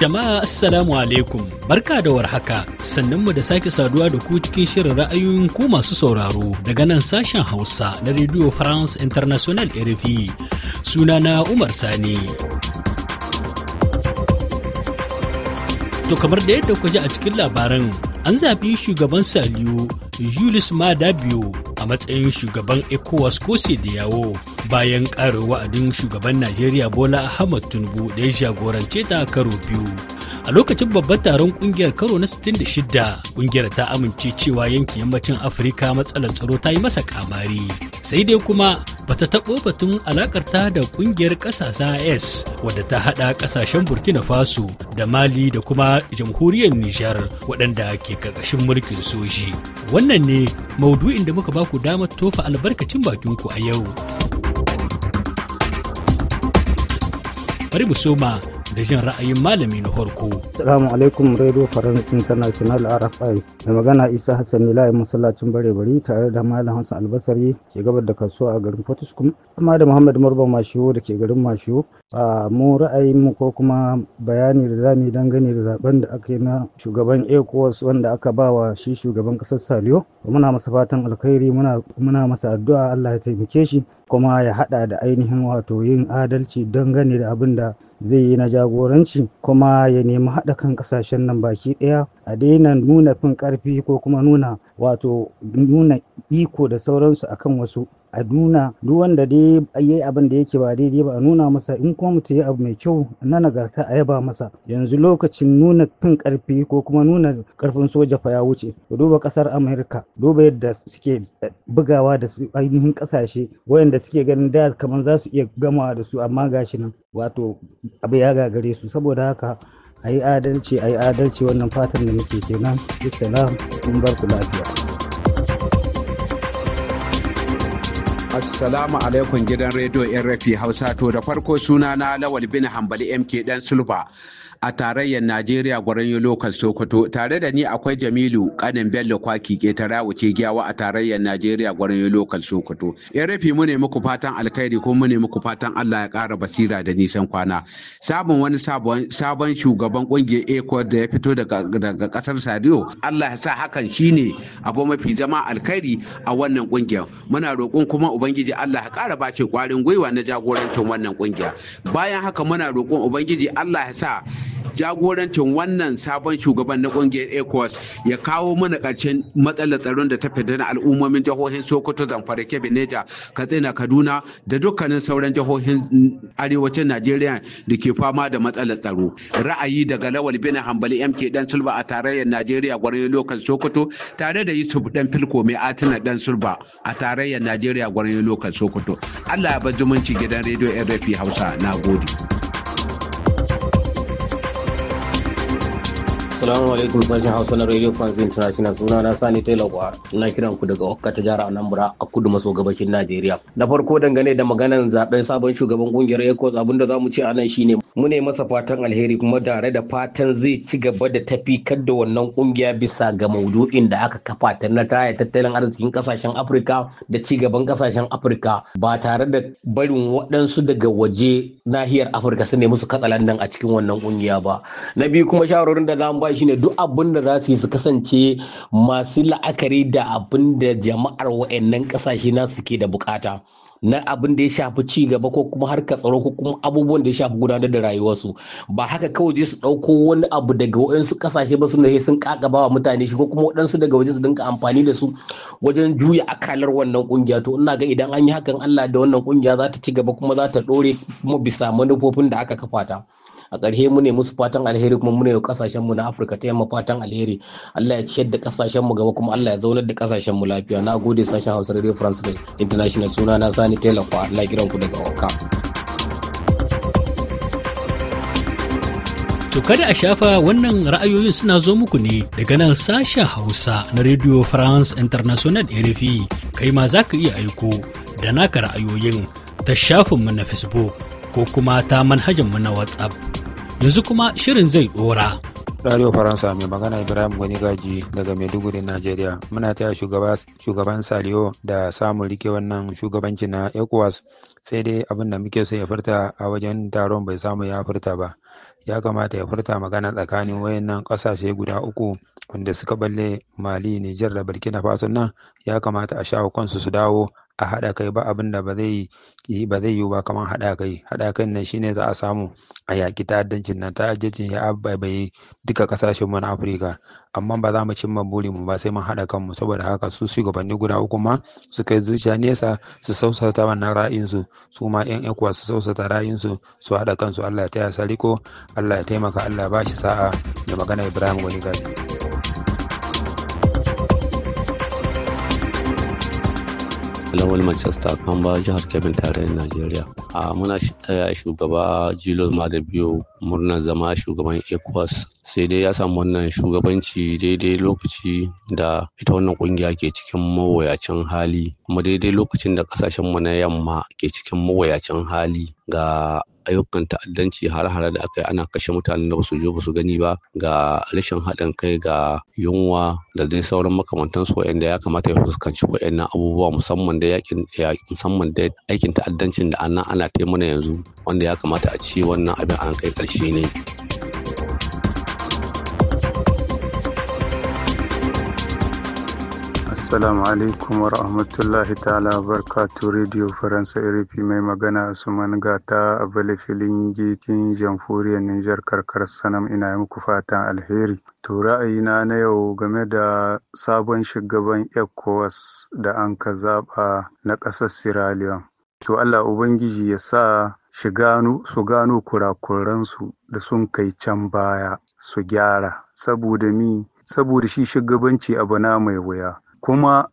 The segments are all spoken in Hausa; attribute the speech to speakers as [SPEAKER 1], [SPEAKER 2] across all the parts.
[SPEAKER 1] Jama'a Assalamu alaikum barka da warhaka sannan mu da sake saduwa da ku cikin shirin ra'ayoyin ku masu sauraro daga nan sashen Hausa na Radio France International suna na Umar Sani. To kamar da yadda ku ji a cikin labaran an zafi shugaban Saliyo Julius madabio a matsayin shugaban ecowas ko yawo bayan ƙara wa'adin shugaban najeriya bola ahmad tinubu da ya jagorance ta karo biyu a lokacin babban taron kungiyar karo na 66 kungiyar ta amince cewa yankin yammacin afirka matsalar tsaro ta yi masa kamari sai dai kuma bata taɓo batun alakar ta da kungiyar ƙasasa s wadda ta haɗa ƙasashen burkina faso da mali da kuma jamhuriyar nijar waɗanda ke ƙarƙashin mulkin soji wannan ne maudu'in da muka baku damar tofa albarkacin bakinku a yau bari mu soma da jin ra'ayin malami na farko.
[SPEAKER 2] Salamu alaikum Radio faransa International RFI. da magana Isa Hassan layi masallacin bare bari tare da Malam Hassan Albasari ke gabar da kasuwa a garin Fotiskum. Amma da Muhammad Marba Mashiwo da ke garin Mashiwo. mu ra'ayin mu ko kuma bayani da zamu dangane da zaben da aka yi na shugaban ECOWAS wanda aka ba wa shi shugaban kasar Saliyo. Muna masa fatan alkhairi muna masa addu'a Allah ya taimake shi. kuma ya haɗa da ainihin wato yin adalci don dangane da abin da zai yi na jagoranci kuma ya nemi haɗa kan ƙasashen nan baki ɗaya a daina nuna fin ƙarfi ko kuma nuna wato nuna iko da sauransu akan wasu a nuna duk wanda dai yayi abin da yake ba daidai ba a nuna masa in kuma mutum ya abu mai kyau na nagarta a yaba masa yanzu lokacin nuna fin karfi ko kuma nuna karfin soja fa ya wuce ku duba kasar Amurka duba yadda suke bugawa da su ainihin kasashe wayanda suke ganin da kamar za su iya gamawa da su amma gashi nan wato abu ya gagare su saboda haka a yi adalci a yi adalci wannan fatan da muke kenan bisalam kun
[SPEAKER 3] bar ku lafiya Assalamu alaikum gidan rediyo rafi Hausa to da farko suna na Lawal bin Hambali MK dan Sulba. a tarayyar Najeriya yi Lokal Sokoto tare da ni akwai Jamilu Kanin Bello Kwaki Ketara wuce gyawa a tarayyar Najeriya yi Lokal Sokoto. Ya eh, rafi mu ne muku fatan alkhairi ko mu ne muku fatan Allah ya ƙara basira da nisan kwana. Sabon wani sabon shugaban kungiyar ECOWAS da ya fito daga kasar Sadio Allah ya sa hakan shine abu mafi zama alkhairi a wannan kungiyar. Muna roƙon kuma Ubangiji Allah ya ƙara bace kwarin gwiwa na jagorancin wannan kungiya. Bayan haka muna roƙon Ubangiji Allah ya sa jagorancin wannan sabon shugaban na kungiyar ecowas ya kawo mana karshen matsalar tsaron da ta na al'ummomin jihohin sokoto zamfara kebbi neja katsina kaduna da dukkanin sauran jihohin arewacin najeriya da ke fama da matsalar tsaro ra'ayi daga lawal Bina hambali mk dan sulba a tarayyar najeriya gwarin lokal sokoto tare da yusuf dan filko mai atina dan sulba a tarayyar najeriya gwarin lokal sokoto allah ya bar zumunci gidan rediyo rfi hausa na gode.
[SPEAKER 4] Assalamu alaikum sashen Hausa na Radio France International suna na Sani Taylor Buhar. Na kiran ku daga Okka ta jihar Anambra a kudu maso gabashin Najeriya. Na farko dangane da maganan zaben sabon shugaban kungiyar ECOWAS abinda zamu ce anan shine mu ne masa fatan alheri kuma tare da fatan zai ci gaba da tafi da wannan kungiya bisa ga maudu'in da aka kafa ta na taya tattalin arzikin kasashen Afirka da ci gaban kasashen Afirka ba tare da barin waɗansu daga waje nahiyar Afirka su ne musu katsalandan a cikin wannan kungiya ba. Na biyu kuma shawarorin da zamu ba kawai shine duk abin da za su yi su kasance masu la'akari da abin da jama'ar wa'annan kasashe na suke da bukata na abin da ya shafi ci gaba ko kuma harkar tsaro ko kuma abubuwan da ya shafi gudanar da rayuwarsu ba haka kawai je su ɗauko wani abu daga waɗansu ƙasashe ba suna sun kakaba wa mutane shi ko kuma waɗansu daga waje su dinka amfani da su wajen juya akalar wannan ƙungiya to ina ga idan an yi hakan Allah da wannan ƙungiya za ta ci gaba kuma za ta ɗore kuma bisa manufofin da aka kafa ta. a ƙarshe mu ne musu fatan alheri kuma mu ne kasashen mu na Afirka ta yamma fatan alheri Allah ya ciyar da kasashen mu gaba kuma Allah ya zaunar da kasashen mu lafiya na gode sashen Hausa Radio France da International suna na Sani Taylor
[SPEAKER 1] kwa Allah kiran ku daga Oka To kada a shafa wannan ra'ayoyin suna zo muku ne daga nan sashen Hausa na Radio France International RFI e. kai ma za ka iya aiko da naka ra'ayoyin ta shafinmu na Facebook ko kuma ta manhajanmu na WhatsApp. Yanzu kuma shirin zai ɗora.
[SPEAKER 2] Radio Faransa mai magana Ibrahim Gwani Gaji daga Maiduguri, Najeriya. Muna taya shugaban Saliyo da samun rike wannan shugabanci na ECOWAS sai dai abin da muke so ya furta a wajen taron bai samu ya furta ba. Ya kamata ya furta magana tsakanin wayannan ƙasashe guda uku wanda suka balle Mali, Nijar da Burkina Faso nan ya kamata a shawo su dawo a haɗa kai ba abin da ba zai yiwu ba kamar haɗa kai haɗa kai nan shine za a samu a yaƙi ta'addancin nan ta'addancin ya ababai duka ƙasashen mu na Afirka amma ba za mu cimma buri mu ba sai mun haɗa kanmu saboda haka su shugabanni guda uku ma su kai zuciya nesa su sausata wannan ra'ayinsu su ma 'yan ekuwa su sausata ra'ayinsu su haɗa kansu Allah ya taya sariko Allah ya taimaka Allah ya ba shi sa'a da magana Ibrahim wani Gaji.
[SPEAKER 4] lawal manchester kan ba jihar kebbi tarayyar najeriya a muna taya shugaba jilo ma da biyo murnar zama shugaban ecowas sai dai ya samu wannan shugabanci daidai lokaci da ita wannan kungiya ke cikin mawuyacin hali kuma daidai lokacin da kasashenmu na yamma ke cikin mawuyacin hali ga ayyukan ta'addanci har-hare da aka yi ana kashe mutanen da basu je su gani ba ga rashin haɗin kai ga yunwa da dai sauran makamantan su waɗanda ya kamata ya fuskanci waɗannan abubuwa musamman da yakin musamman da aikin ta'addancin da ana ana ta yanzu wanda ya kamata a ci wannan abin an kai ƙarshe shi ne
[SPEAKER 5] Assalamu alaikum wa rahmatullahi ta'ala barkatu Radio Faransa Irifi mai magana su Gata a Bale filin gikin Nijar karkar sanam ina yi muku fatan alheri. To ra'ayina na yau game da sabon shugaban ECOWAS da an ka zaba na ƙasar Sierra Leone. To Allah Ubangiji ya sa su gano kurakuransu da sun kai can baya su gyara saboda mi saboda shi shugabanci abu na mai wuya kuma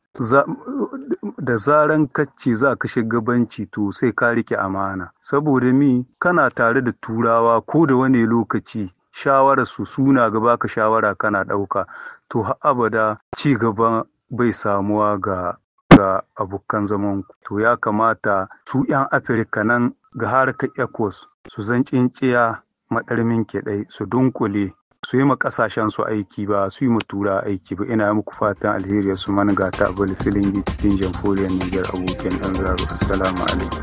[SPEAKER 5] da zaran kacce za ka shugabanci to sai ka rike amana saboda mi kana tare da turawa ko da wani lokaci shawararsu suna gaba ka shawara kana ɗauka to abada ci gaba bai samuwa ga ga abokan zamanku. To ya kamata su 'yan Afirka nan ga harkar ECOWAS su zan tsinciya maɗarmin kiɗai su dunkule su yi ma ƙasashen su aiki ba su yi ma tura aiki ba ina muku fatan alheri su manga ta bali filin cikin jamhuriyar Niger abokin ɗan zaro assalamu alaikum.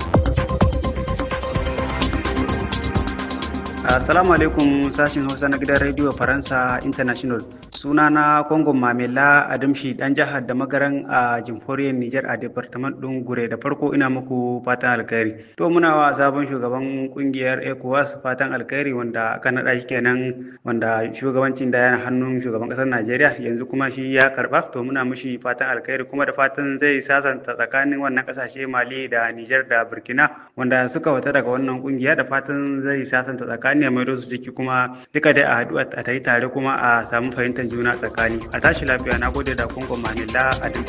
[SPEAKER 2] Assalamu alaikum sashin Hausa na gidan Radio Faransa International. sunana kongon mamela adamshi dan jihar da magaran a jamhuriyar niger a departament ɗin gure da farko ina muku fatan alkhairi to muna wa sabon shugaban kungiyar ecowas fatan alkhairi wanda aka naɗa shi kenan wanda shugabancin da yana hannun shugaban ƙasar najeriya yanzu kuma shi ya karba to muna mishi fatan alkhairi kuma da fatan zai sasanta tsakanin wannan ƙasashe mali da niger da burkina wanda suka wata daga wannan kungiya da fatan zai sasanta tsakanin mai su jiki kuma duka dai a haɗu a tayi tare kuma a samu fahimtar juna tsakani a tashi lafiya na gode da kungo manila a duk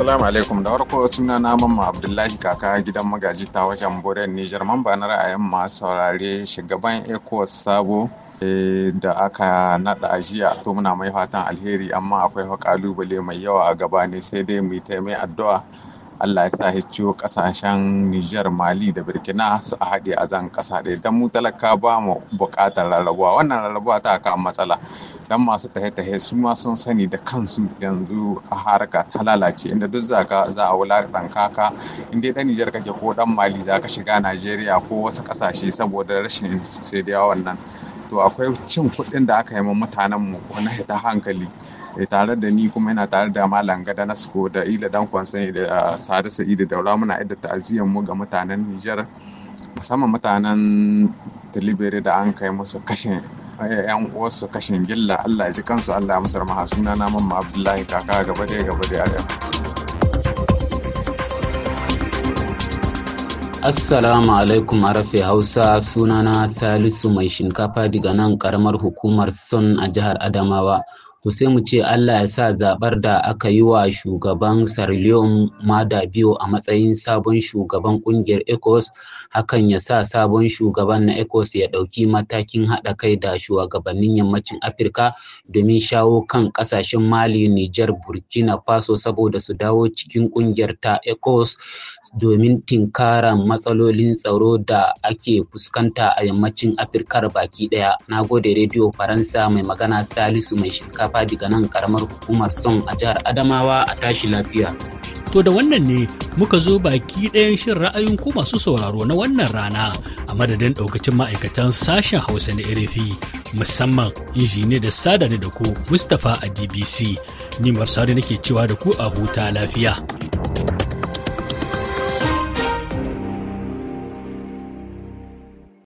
[SPEAKER 6] Assalamu alaikum da warko suna na mamma Abdullahi kaka gidan magaji ta wajen Boren Nijar man ba na ra'ayin masu saurare shugaban ECOWAS sabo eh, da aka naɗa ajiya to muna mai fatan alheri amma akwai kalubale mai yawa a gaba ne sai dai mu yi ta mai addu'a Allah ya sa ya ciwo kasashen Nijar Mali da Burkina su a haɗe a zan ƙasa ɗaya don mu talaka ba mu buƙatar rarrabuwa wannan rarrabuwa ta kan matsala don masu tahe-tahe su ma sun sani da kansu yanzu a harka ta lalace inda duk za ka za a wulaƙan kaka inda ɗan Nijar kake ko ɗan Mali za ka shiga Najeriya ko wasu ƙasashe saboda rashin sai wannan to akwai cin kuɗin da aka yi mutanen mu ko na ta hankali Eh, tare da ni kuma yana tare da malam gada nasko da ila dan kwansan da ah, sadu sa'idu daura muna yadda ta'aziyyar mu ga mutanen nijar musamman mutanen tilibiri da an kai musu kashin eh, yan uwarsu kashin gilla allah ya ji kansu allah ya musar maha suna na mamma abdullahi kaka gaba da gaba da yau
[SPEAKER 4] Assalamu alaikum Arafi Hausa sunana Salisu mai shinkafa daga nan karamar hukumar Son a jihar Adamawa. to sai mu ce Allah ya sa zaɓar da aka yi wa shugaban Sierra Leone Madabio a matsayin sabon shugaban ƙungiyar ECOWAS hakan ya sa sabon shugaban na ECOWAS ya ɗauki matakin haɗa kai da shugabannin yammacin Afirka domin shawo kan ƙasashen Mali, Nijar, Burkina Faso saboda su dawo cikin ƙungiyar ta ECOWAS domin tinkaran matsalolin tsaro da ake fuskanta a yammacin Afirkar baki ɗaya. Na gode Radio Faransa mai magana Salisu mai shinkafa. Marafa daga nan karamar hukumar son a jihar
[SPEAKER 1] Adamawa a tashi lafiya. To da wannan ne muka zo baki ɗayan shin ra'ayin ku masu sauraro na wannan rana a madadin ɗaukacin ma'aikatan sashen Hausa na RFI musamman Injiniya da sada da ku Mustapha a DBC. Ni Marsari nake cewa da ku a huta lafiya.